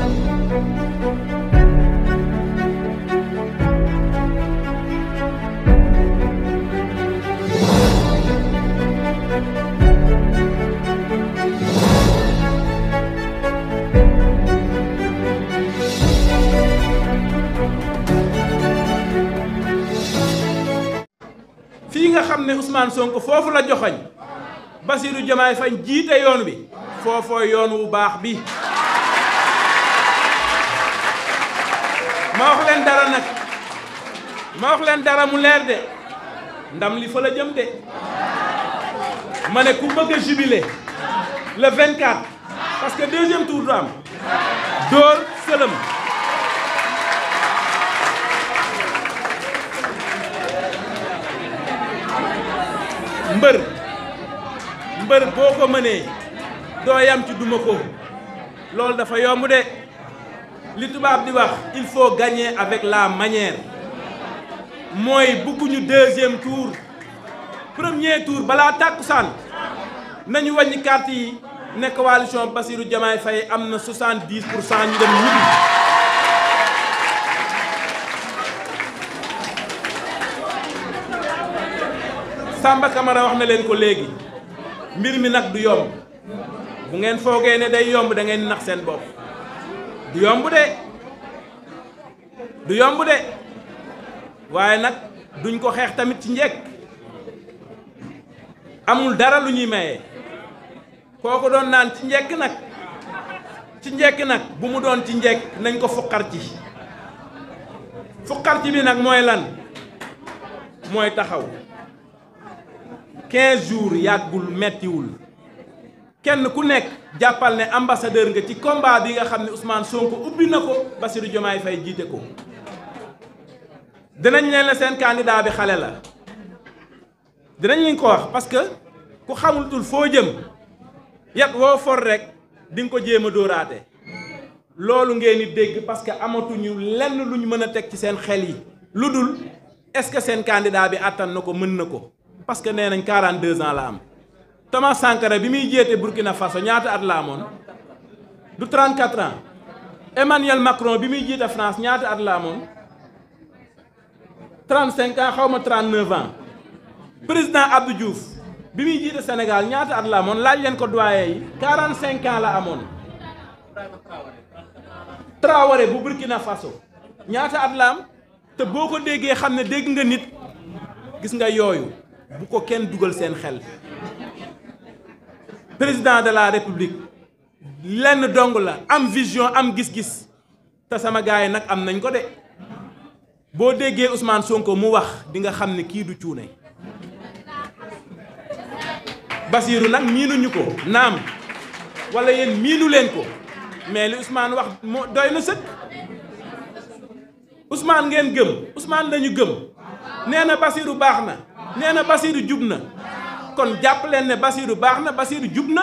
fii nga xam ne Ousmane Sonko foofu la joxoñ Bassirou Diomaye Faye jiite yoon wi foofoo yoon wu baax bi ma wax leen dara nag ma wax dara mu leer de ndam li fa la jëm de ma ne ku bëgg a jubilé le 24 parce que deuxième tour du am dóor sëlëm mbër mbër boo ko mënee doo yam ci duma ko loolu dafa yomb de li tubaab di wax il faut gagner avec la manière mooy bugguñu deuxième tour premier tour balaa tàkkusaan nañu wàññi carte yi ne coalition Bassirou Diomaye Faye am na 70 pour cent ñu dem ñibbi Samba Camara wax na leen ko léegi mbir mi nag du yomb bu ngeen foogee ne day yomb da ngeen nax seen bopp du yomb de du yomb de waaye nag duñ ko xeex tamit ci njëkk amul dara lu ñuy maye kooku doon naan ci njëkk nag ci njëkk nag bu mu doon ci njëkk nañ ko fuqar ci bi nag mooy lan mooy taxaw 15 jours yàggul mettiwul kenn ku nekk jàppal ne ambassadeur nga ci combat bi nga xam ne Ousmane ko ubbi na ko Bassirou Diomaye Faye jiite ko dinañ leen la seen candidat bi xale la dinañ leen ko wax parce que ku xamul foo jëm yat woo for rek di nga ko jéem a dóoraate loolu ngeen di dégg parce que amatuñu lenn lu ñu mën a teg ci seen xel yi lu dul est-ce que seen candidat bi àttan na ko mën na ko parce que nee nañ 42 ans la am. Thomas Sankara bi muy jéete Burkina Faso ñaata at la amoon du 34 ans Emmanuel Macron bi muy jiite France ñaata at la amoon 35 ans xaw ma 39 ans président Abdou Diouf bi muy jiite Sénégal ñaata at la amoon laaj leen ko doyen yi 45 ans la amoon Traoré bu Burkina Faso ñaata at la am te boo ko déggee xam ne dégg nga nit gis nga yooyu bu ko kenn dugal seen xel. président de la république lenn dong la am vision am gis-gis te sama gars yi nag am nañ ko de boo déggee Ousmane Sonko mu wax di nga xam ne kii du cuune Basiiru nag miinuñu ko naam walla yéen miinu leen ko mais li Ousmane wax moo doy na sëkk usmaan ngeen gëm usmaan lañu gëm nee na Basiiru baax na nee na Basiiru jub na kon jàpp leen ne Basiiru baax na Basiiru jub na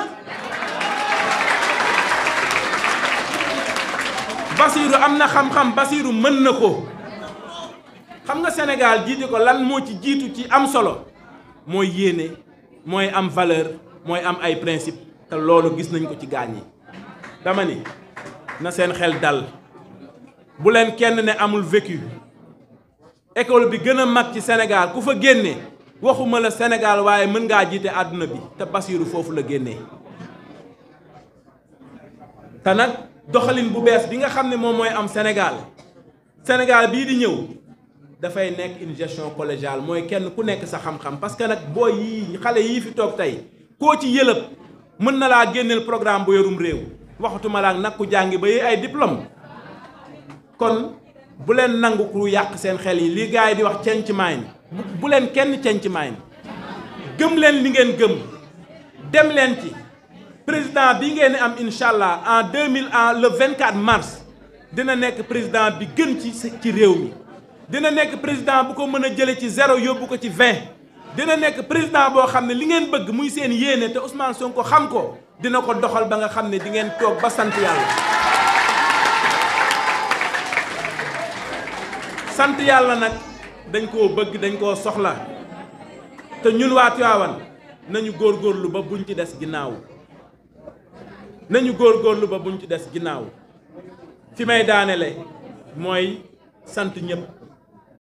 Basiiru am na xam-xam Basiiru mën na ko xam nga senegaal jiite ko lan moo ci jiitu ci am solo mooy yéene mooy am valeur mooy am ay principe te loolu gis nañ ko ci gaañ yi dama ni na seen xel dal bu leen kenn ne amul vécu école bi gën a mag ci senegaal ku fa génne waxuma la Sénégal waaye mën ngaa jiite àdduna bi te Basiiru foofu la génnee te nag doxalin bu bees bi nga xam ne moom mooy am Sénégal Sénégal bii di ñëw dafay nekk une gestion collégiale mooy kenn ku nekk sa xam-xam parce que nag booy yii xale yii fi toog tey koo ci yëlëb mën na laa génneel programme bu yorum réew waxatuma laa nag ku jàngi ba yi ay diplôme kon bu leen nangu ku yàq seen xel yi li gars yi di wax change mind bu leen kenn cenc may gëm leen li ngeen gëm dem leen ci président bi ngeen am incha allah en deux mille en le vingt quatre mars dina nekk président bi gën ci ci réew mi. dina nekk président bu ko mën a jëlee ci zéro yóbbu ko ci vingt dina nekk président boo xam ne li ngeen bëgg muy seen yéene te Ousmane ko xam ko dina ko doxal ba nga xam ne di ngeen toog ba sant yàlla. sant yàlla nag. dañ koo bëgg dañ koo soxla te ñun waa Tivaouane nañu góorgóorlu ba buñ ci des ginnaaw nañu góorgóorlu ba buñ ci des ginnaaw fi may daanele mooy sant ñëpp